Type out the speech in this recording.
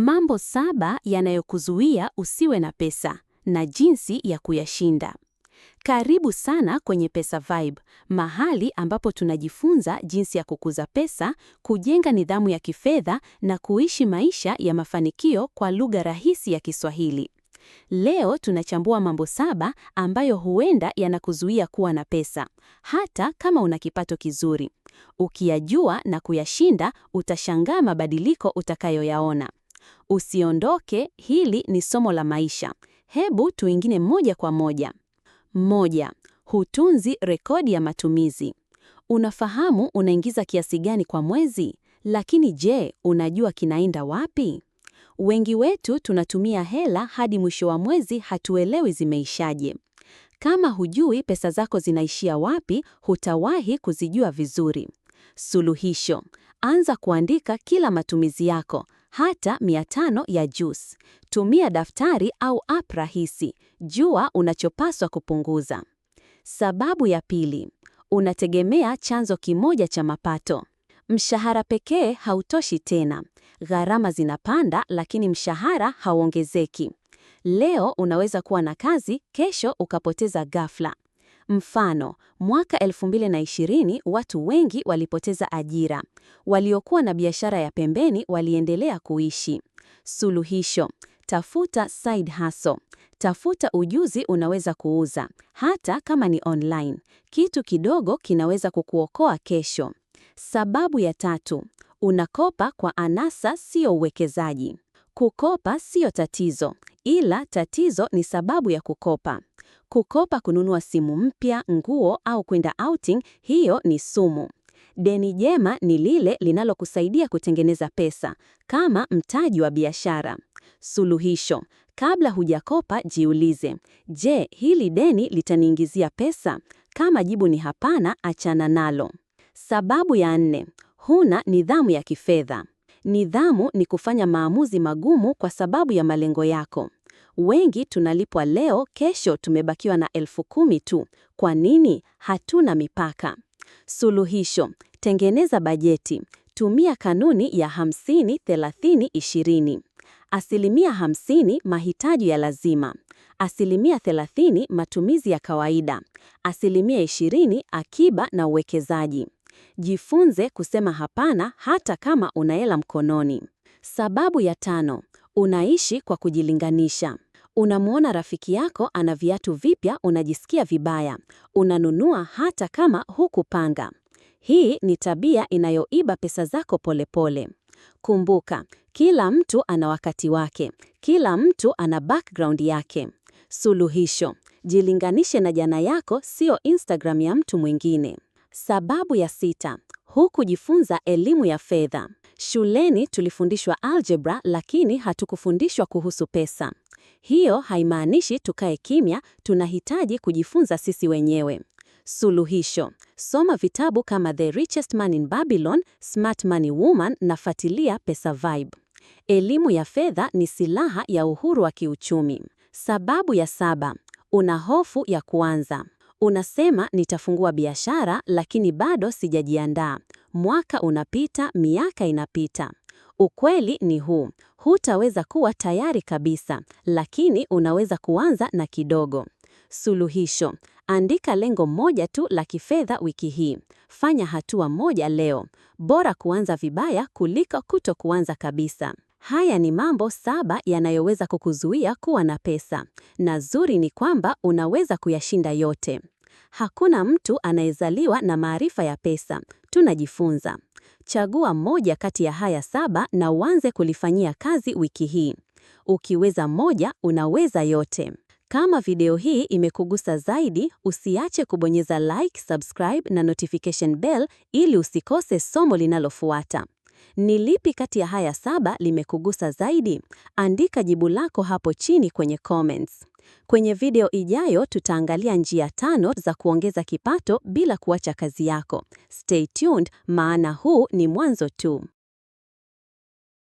Mambo saba yanayokuzuia usiwe na pesa na jinsi ya kuyashinda. Karibu sana kwenye Pesa Vibe, mahali ambapo tunajifunza jinsi ya kukuza pesa, kujenga nidhamu ya kifedha na kuishi maisha ya mafanikio kwa lugha rahisi ya Kiswahili. Leo tunachambua mambo saba ambayo huenda yanakuzuia kuwa na pesa hata kama una kipato kizuri. Ukiyajua na kuyashinda, utashangaa mabadiliko utakayoyaona. Usiondoke, hili ni somo la maisha. Hebu tuingine moja kwa moja. Moja, hutunzi rekodi ya matumizi. Unafahamu unaingiza kiasi gani kwa mwezi, lakini je, unajua kinaenda wapi? Wengi wetu tunatumia hela hadi mwisho wa mwezi, hatuelewi zimeishaje. Kama hujui pesa zako zinaishia wapi, hutawahi kuzijua vizuri. Suluhisho: anza kuandika kila matumizi yako, hata mia ya juice. Tumia daftari au app rahisi, jua unachopaswa kupunguza. Sababu ya pili, unategemea chanzo kimoja cha mapato. Mshahara pekee hautoshi tena, gharama zinapanda, lakini mshahara hauongezeki. Leo unaweza kuwa na kazi, kesho ukapoteza ghafla. Mfano, mwaka 2020 watu wengi walipoteza ajira. Waliokuwa na biashara ya pembeni waliendelea kuishi. Suluhisho: tafuta side hustle. Tafuta ujuzi unaweza kuuza, hata kama ni online. Kitu kidogo kinaweza kukuokoa kesho. Sababu ya tatu, unakopa kwa anasa, sio uwekezaji. Kukopa sio tatizo, Ila tatizo ni sababu ya kukopa. Kukopa kununua simu mpya, nguo au kwenda outing, hiyo ni sumu. Deni jema ni lile linalokusaidia kutengeneza pesa kama mtaji wa biashara. Suluhisho: kabla hujakopa, jiulize, je, hili deni litaniingizia pesa? Kama jibu ni hapana, achana nalo. Sababu ya nne: huna nidhamu ya kifedha. Nidhamu ni kufanya maamuzi magumu kwa sababu ya malengo yako. Wengi tunalipwa leo, kesho tumebakiwa na elfu kumi tu. Kwa nini? Hatuna mipaka. Suluhisho: tengeneza bajeti, tumia kanuni ya 50 30 20. Asilimia 50 mahitaji ya lazima, asilimia 30 matumizi ya kawaida, asilimia 20 akiba na uwekezaji. Jifunze kusema hapana hata kama una hela mkononi. Sababu ya tano: unaishi kwa kujilinganisha. Unamwona rafiki yako ana viatu vipya, unajisikia vibaya, unanunua hata kama hukupanga. Hii ni tabia inayoiba pesa zako polepole pole. Kumbuka, kila mtu ana wakati wake, kila mtu ana background yake. Suluhisho: jilinganishe na jana yako, sio Instagram ya mtu mwingine. Sababu ya sita: hukujifunza elimu ya fedha. Shuleni tulifundishwa algebra, lakini hatukufundishwa kuhusu pesa. Hiyo haimaanishi tukae kimya, tunahitaji kujifunza sisi wenyewe. Suluhisho: soma vitabu kama The Richest Man in Babylon, Smart Money Woman na Fatilia Pesa Vibe. Elimu ya fedha ni silaha ya uhuru wa kiuchumi. Sababu ya saba: una hofu ya kuanza. Unasema nitafungua biashara lakini bado sijajiandaa. Mwaka unapita, miaka inapita. Ukweli ni huu: hutaweza kuwa tayari kabisa, lakini unaweza kuanza na kidogo. Suluhisho: andika lengo moja tu la kifedha wiki hii. Fanya hatua moja leo. Bora kuanza vibaya kuliko kuto kuanza kabisa. Haya ni mambo saba yanayoweza kukuzuia kuwa na pesa, na zuri ni kwamba unaweza kuyashinda yote. Hakuna mtu anayezaliwa na maarifa ya pesa, tunajifunza. Chagua moja kati ya haya saba na uanze kulifanyia kazi wiki hii. Ukiweza moja, unaweza yote. Kama video hii imekugusa zaidi, usiache kubonyeza like, subscribe na notification bell ili usikose somo linalofuata. Ni lipi kati ya haya saba limekugusa zaidi? Andika jibu lako hapo chini kwenye comments. Kwenye video ijayo tutaangalia njia tano za kuongeza kipato bila kuacha kazi yako. Stay tuned, maana huu ni mwanzo tu.